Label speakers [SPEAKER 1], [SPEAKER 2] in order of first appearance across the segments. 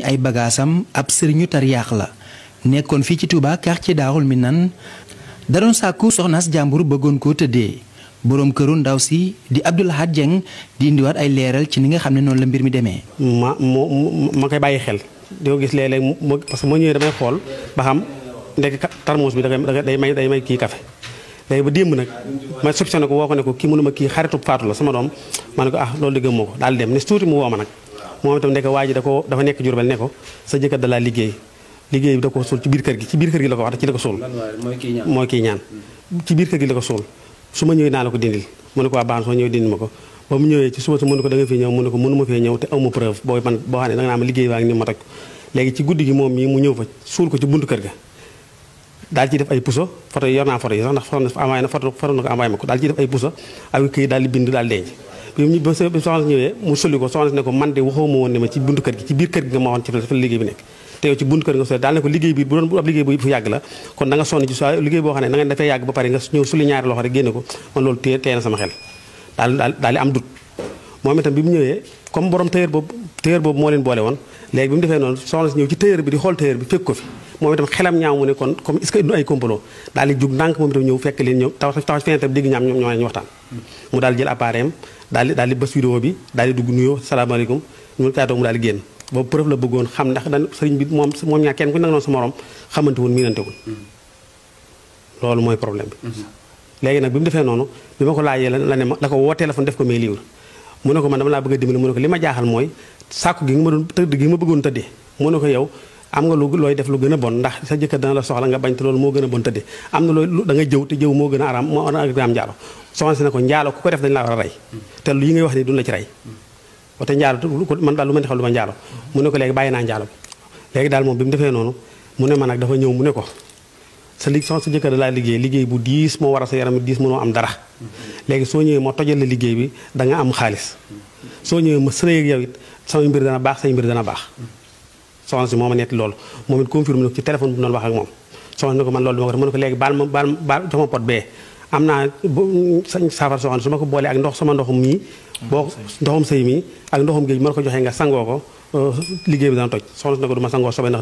[SPEAKER 1] ay bagaasam ab sëriñu tariyaax la nekkoon fii ci ci daaxul mi nan da doon sàkku soxnaas jàmbur bëggoon ko tëddee boroom këru ndaw si di Abdou Lahad Dieng di indiwaat ay leeral ci ni nga xam ne noonu la mbir mi demee.
[SPEAKER 2] ma ma koy bàyyi xel di ko gis léeg-léeg mu parce que moo ñëwee damay xool ba xam ndekk tarmuus bi da day may day may kii café léegi ba démb nag ma soupçonné ko woo ko ne ko kii mënuma kii xaritu faatu la sama doom ma ne ko ah loolu de gëmmoo ko daal dem moom itam nekk waa ji ko dafa nekk Jurbel ne ko sa jëkkër da liggéey liggéey bi da ko suul ci biir kër gi ci biir kër gi la ko wax ci la ko suul mooy kii ñaan ci biir kër gi la ko suul su ma ñëwee naa la ko dindil mu ne ko waa baax soo ñëwee dindil ma ko ba mu ñëwee ci suba sa mu ne ko da nga fi ñëw mu ne ko mënu ma fee ñëw te awma preuve boo man boo xam ne da naa ma liggéey baa ngi ni ma toj léegi ci guddi gi moom mii mu ñëw fa suul ko ci buntu kër ga daal ci def ay puso photo yi yor naa photo yi sax ndax ko daal ci def ay puso daal di bind daal denc bi mu ba soxna si ñëwee mu sulli ko soxna si ne ko man de waxoo woon ne ma ci buntu kër gi ci biir kër gi nga ma waxoon ne kon comme borom tailleur boobu tailleur ay complot daal di jug ndànk moom itam ñëw fekk leen ñëw taxaw taxaw feneen itam dégg ñaam ñoom ñoo ñu waxtaan mu daal jël appareil daal di daal di bës vidéo bi daal di dugg nuyoo salaamaaleykum ñu ngi taatoo mu daal génn boobu preuve la bëggoon xam ndax dan sëriñ bi moom moom ñaa kenn ku nekk noonu sa morom xamante woon miinante woon loolu mooy problème bi léegi nag bi mu defee noonu bi ma ko laajee la ne ma da ko woo téléphone def ko may livre mu ne ko man dama laa bëgg a dimbali mu ne ko li ma jaaxal mooy sàkku gi nga ma doon tëdd gi nga ma bëggoon tëddee mu ne ko yow am nga lu looy def lu gën a bon ndax sa jëkkër dana la soxla nga bañ te loolu moo gën a bon tëdde am na loolu da nga jëw te jëw moo gën a araam moo araam njaalo soxna si ne ko ko def dañu laa war a rey te yi ngay wax ni duñ la ci rey te njaalo man daal lu ma di xew lu mu ne ko léegi bàyyi naa njaalo bi daal moom bi mu defee noonu mu ne ma nag dafa ñëw mu ne ko sa lig soxna sa jëkkër laa liggéey liggéey bu diis moo war a sa yaram diis am dara léegi soo ñëwee moo tojal liggéey bi da am xaalis soo ñëwee ma sëree ak yow it samay mbir dana baax say mbir dana baax soxna si moo ma nekk loolu moom it confirme na ko ci téléphone bu mu doon wax moom soxna ne ko man loolu duma ko def mu ne ko ma ndox sama ndoxum mii boo ndoxum sëy mii ak ko joxee nga sangoo ko euh, liggéey bi dana toj soxna si ne ko du ma sangoo sobee boo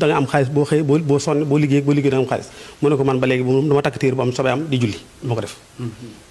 [SPEAKER 2] da nga am boo xëy boo boo sonn boo liggéey boo liggéey da nga am xaalis mu ne ko man ba léegi bu takk téere bu am sobee di julli du ko def mm-hmm.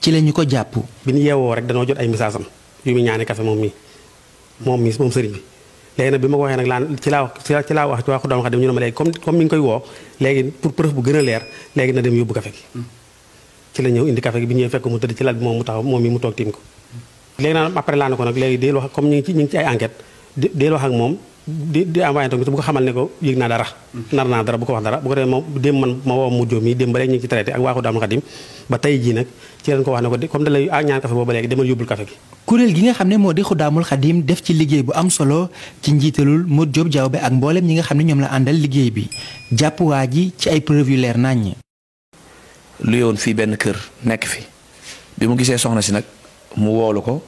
[SPEAKER 1] ci la ñu ko jàpp.
[SPEAKER 2] bi ñu yeewoo rek danoo jot ay message am yu muy ñaane kafe moom mi moom mi moom sëriñ bi léegi nag bi ma ko waxee nag laan ci laa wax ci laa wax ci waa Xuddaam Xaadim ñu ne ma léegi comme mi ngi koy woo léegi pour preuve bu gën a leer léegi na dem yóbbu kafe gi. Mm. ci la ñëw indi kafe gi bi ñëwee fekk mu tëdd ci lal bi moom mu taxaw moom mi mu toog tiim ko. léegi nag après laa ne ko nag léegi deel wax comme ñu ñu ci ay enquête deel di di envoyé tamit bu ko xamal ne ko yëg naa dara nar naa dara bu ko wax dara bu ko defee moom démb man ma woo mu jóom yi démb ba léegi ñu ngi ci traité ak waaxu daamul xadim ba tey jii nag ci leen ko wax ne ko comme da lay ak ñaan café boobu ba léegi demal yóbbul
[SPEAKER 1] kuréel gi nga xam ne moo di Xudaamul Xadim def ci liggéey bu am solo ci njiitalul Mod Jóob Jawbe ak mboolem ñi nga xam ne ñoom la àndal liggéey bi jàpp waa ji ci ay preuve yu leer naññ
[SPEAKER 3] lu yoon fii benn kër nekk fi bi mu gisee soxna si nag mu woolu ko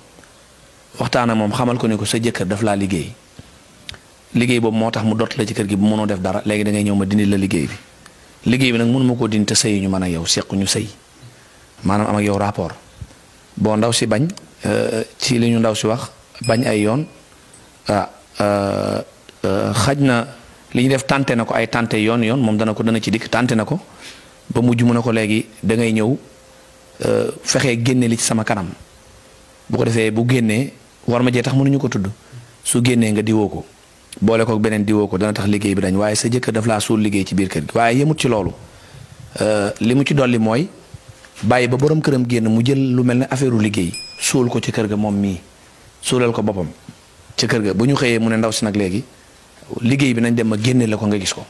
[SPEAKER 3] waxtaan ak moom xamal ko ne ko sa jëkkër daf laa liggéey liggéey boobu moo tax mu dott la ci kër gi bu mënoo def dara léegi dangay ngay ñëw ma dindi la liggéey bi liggéey bi nag mënu ma koo dindi te sëy ñu man a yow seq ñu sëy maanaam am ak yow rapport boo ndaw si bañ euh, ci li ñu ndaw si wax bañ ay yoon ah euh, euh, xaj na li ñu def tànte na ko ay tànte yoon yoon moom dana ko dana ci dikk tànte na ko ba mujj mu ne ko léegi da ngay ñëw fexe génne li ci sama kanam bu ko defee bu génnee war ma jee tax mënuñu ko tudd su génnee nga diwoo ko. boole kook beneen diwoo ko dana tax liggéey bi dañ waaye sa jëkkër daf laa suul liggéey ci biir kër gi waaye yemut ci loolu euh, li mu ci dolli mooy bàyyi ba borom këram génn mu jël lu mel ne affaire liggéey suul ko ci kër ga moom mii suulal ko boppam ca kër ga bu ñu xëyee mu ne ndaw si nag léegi liggéey bi nañ dem ma génneel la ko nga gis ko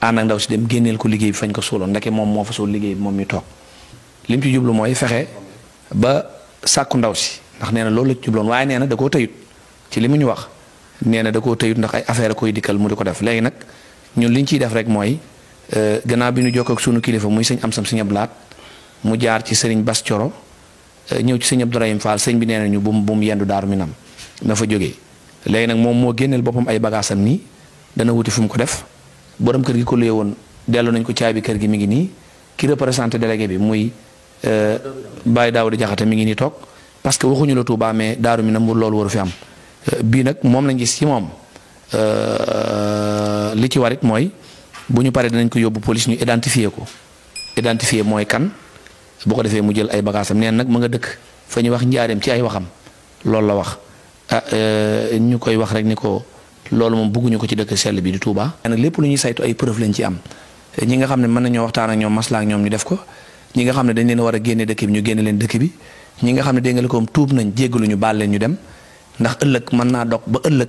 [SPEAKER 3] ànd ak ndaw si dem génneel ko liggéey bi fañ ko suuloon ndeke moom moo fa suul liggéey bi moom mi toog li mu ci jublu mooy fexe ba sàkku ndaw si ndax nee na loolu la waaye nee na da koo tëyut ci li mu ñu wax neena da ko teyut ndax ay affaire koy dikal mu diko def legi nak ñun liñ ciy def rek moy euh ganna bi ñu jokk ak suñu kilifa muy señ am sam señ ablat mu jaar ci señ bass cioro euh, ñew ci señ abdourahim fall señ bi neena ñu bum bum yendu daaru minam na fa joge legi nak mom mo gennel bopam ay bagasam ni dana wuti fum ko def borom kër gi ko leewon delu nañ ko caabi kër gi mi ngi ni ki représenter délégué bi muy euh bay daawdi jaxata mi ngi ni tok parce que ñu la touba mais daaru minam mu lool waru fi am bii nag moom lañ gis ci moom euh, li ci warit mooy bu ñu paree dinañ ko yóbbu police ñu identifié ko identifié mooy kan bu ko defee mu jël ay bagaasam neen nag ma nga dëkk fa ñu wax njaareem ci ay waxam loolu la wax ah euh, ñu koy wax rek ni ko loolu moom bëgguñu ko ci dëkk sell bi di Touba. nag lépp lu ñu saytu ay preuve lañ ci am ñi nga xam ne mën nañoo waxtaan ak ñoom maslaa ak ñoom ñu def ko ñi nga xam ne dañ leen war a génne dëkk bi ñu génne leen dëkk bi ñi nga xam ne dégg nga tuub nañ jéggalu ñu baal leen ñu dem. ndax ëllëg mën naa dog ba ëllëg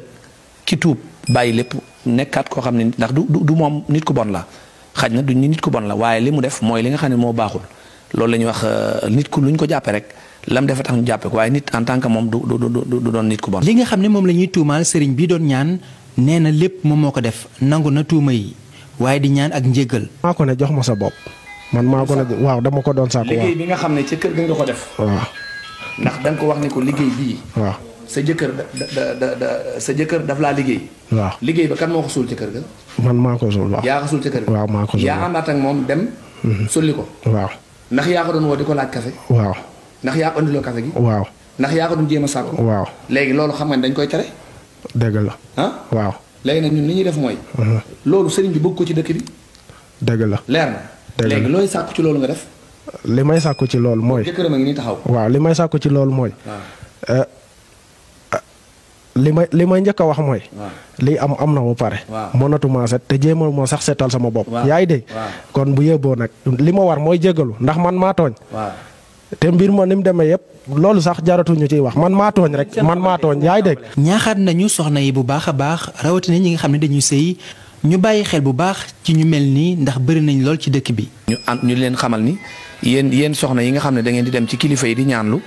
[SPEAKER 3] ki tuub bàyyi lépp nekkaat koo xam ne ndax du du moom nit ku bon la xaj na du nit ku bon la waaye li mu def mooy li nga xam ne moo baaxul loolu la ñuy wax euh, nit ku lu ñu ko jàppee rek lam defa tax ñu jàppee waaye nit en tant que moom du du du doon nit ku li nga xam ne moom la ñuy
[SPEAKER 1] tuumaal sëriñ bii doon ñaan nee na lépp moom moo ko def nangu na tuuma yi waaye di ñaan ak
[SPEAKER 2] njéggal. maa ko ne jox ma sa bopp. man maa ko ne waaw dama ko doon saako. waaw
[SPEAKER 3] liggéey nga xam ne ca kër ko def. ndax da ko ko liggéey bii. waaw sa jëkkër da da da sa jëkkër daf laa liggéey. waaw liggéey ba kan moo ko suul ci kër ga.
[SPEAKER 2] man maa ko suul waaw.
[SPEAKER 3] yaa ko suul ci kër ga.
[SPEAKER 2] waaw maa ko suul yaa
[SPEAKER 3] àndaat ak moom dem. Mhm. sulli ko. waaw ndax yaa ko woo di ko laaj café. waaw ndax yaa ko andiloo café gi. waaw ndax yaa ko doon jéem a waaw léegi loolu xam nga dañ koy tere.
[SPEAKER 2] dëgg la. ah waaw.
[SPEAKER 3] léegi nag ñun li ñuy def mooy. Mhm. loolu sëriñ bi bëgg ci dëkk bi.
[SPEAKER 2] dëgg la leer
[SPEAKER 3] na. léegi looy sàkku ci loolu nga def.
[SPEAKER 2] li may sàkku ci loolu mooy. jëkkëram a ngi nii waaw li may sàkku ci loolu mooy. Ah. Eh, li may li may njëkk a wax mooy. liy am am na ba pare. mënatuma set te jéemal moo sax setal sama bopp. yaa ngi dégg kon bu yóbboo nag li ma war mooy jégalu ndax man maa tooñ. te mbir ma ni mu demee yëpp loolu sax jaratuñu ciy wax man maa tooñ rek man maa tooñ yaay dégg. ñaaxaat nañu
[SPEAKER 1] soxna yi bu baax a baax rawatina ñi nga xam ne dañuy sëy ñu bàyyi xel bu baax ci ñu mel
[SPEAKER 3] nii ndax bëri nañ lool ci dëkk bi. ñu ñu leen xamal ni yéen yéen soxna yi nga xam ne da ngeen di dem ci kilifa yi di ñaanlu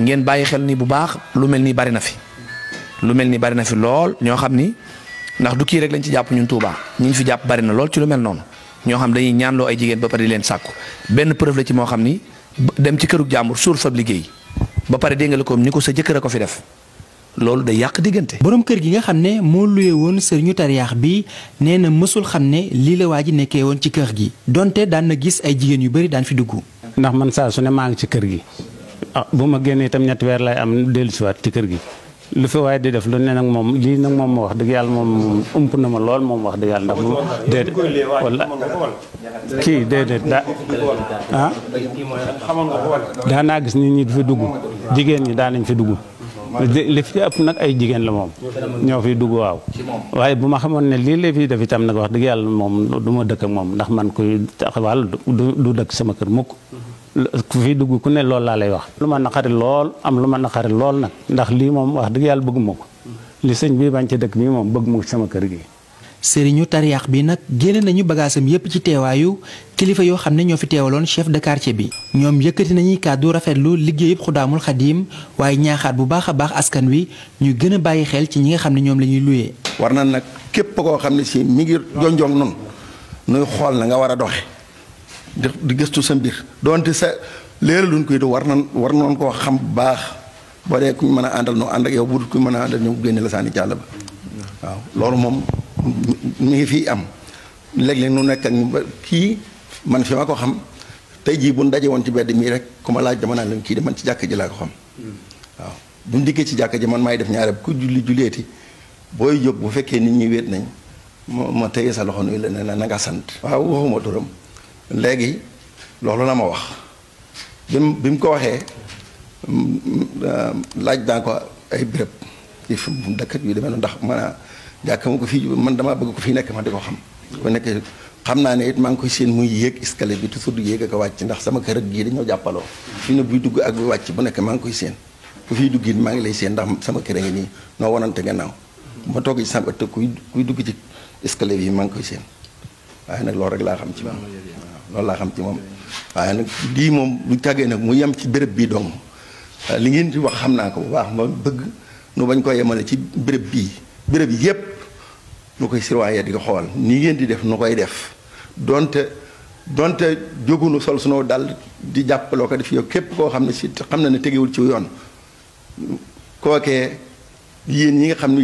[SPEAKER 3] ngeen bàyyi xel ni bu baax lu mel nii bari na fi lu mel ni bari na fi lool ñoo xam ni ndax du kii rek lañ ci jàpp ñun Touba ñu ñu fi jàpp bari na lool ci lu mel noonu ñoo xam dañuy ñaanloo ay jigéen ba pare di leen sàkku benn preuve la ci moo xam ni dem ci kërug jàmbur suur fab liggéey ba pare dégg nga ko ni ko sa jëkkër ko fi def loolu day yàq diggante.
[SPEAKER 1] borom kër gi nga xam ne moo luye woon sëriñu tariyaax bi nee na mësul xam ne lii la waa ji nekkee woon ci kër gi donte daan na gis ay jigéen yu bari daan fi dugg. ndax man saa su ne maa ngi ci kër gi
[SPEAKER 2] ah bu ma génnee itam ñetti weer lay am dellusiwaat ci kër gi. lu fi waaye di def lu ne nag moom lii nag moom wax dëgg yàlla moom ump na ma lool moom wax dëgg yàlla ndax moom déedéet wala
[SPEAKER 4] kii déedéet ah
[SPEAKER 2] gis nit ñi fi dugg jigéen ñi daan nañ fi dugg li fi ëpp nag ay jigéen la moom ñoo fiy dugg waaw waaye bu ma xamoon ne lii la fiy def itam nag wax dëgg yàlla moom du ma dëkk moom ndax man kuy taxawal du dëkk sama kër mukk ku fi dugg ku ne loolu laa lay wax. lu ma naqari lool am lu ma naqari lool nag ndax lii moom wax dëgg yàlla bëgguma ko li sëñ bi bañ ci dëkk bi moom bëgg mu sama kër gi. sëriñu tariyaax bi nag génne nañu bagaasam
[SPEAKER 1] yépp ci teewaayu kilifa yoo xam ne ñoo fi teewaloon chef de quartier bi. ñoom yëkkati nañuy kàddu rafetlu liggéeyub xudaamul xadiim waaye ñaaxaat bu baax a baax askan wi ñu gën a bàyyi xel ci ñi nga
[SPEAKER 4] xam ne ñoom la ñuy luyee. war na nag kép koo xam ne si mi ngi jonjong noonu nuy xool na nga war a doxe di gëstu sa mbir donte sa léera luñ koy do war na war noonu ko xam baax boo dee kuñ mën a àndal nu ànd yow bu dul kuñ mën a àndal ñu génne la saani jàll loolu moom mi ngi fii am léeg-léeg nu nekk ak kii man fi ko xam tey bu daje woon ci bedd mii rek ku ma laaj dama naan kii de man ci jàkk ji laa ko xam waaw bu ñu dikkee ci jàkk ji man maay def ñaare ku julli julleeti booy jóg bu fekkee nit ñi wéet nañ moo ma téye sa loxo nuyu la ne na nga sant waaw waxuma turam léegi loolu la ma wax bi bi mu ko waxee laaj naa ko ay béréb ci fu mu dëkk yu demee noonu ndax man a jàkk ma ko fii man dama bëgg ko fi nekk ma di ko xam ko nekk xam naa ne it maa ngi koy seen muy yéeg escalier bi toujours du yéeg ak wàcc ndax sama kër ak gii dañoo jàppaloo fi ne buy dugg ak wàcc bu nekk maa ngi koy seen bu fii dugg it maa ngi lay seen ndax sama kër a ngi nii noo wanante gannaaw ma toog ci sama te kuy kuy dugg ci escalier yi maa ngi koy seen waaye nag loolu rek laa xam ci moom loolu laa xam ci moom waaye nag lii moom lu tàggee nag mu yem ci béréb bi dong li ngeen di wax xam naa ko bu baax ma bëgg nu bañ ko yemale ci béréb bii béréb yépp nu koy sirwaayee di ko xool ni ngeen di def nu koy def doonte donte jógunu sol sunoo dal di jàppaloo ko def yow képp koo xam ne si xam na ne tegewul ci yoon kookee yéen ñi nga xam ne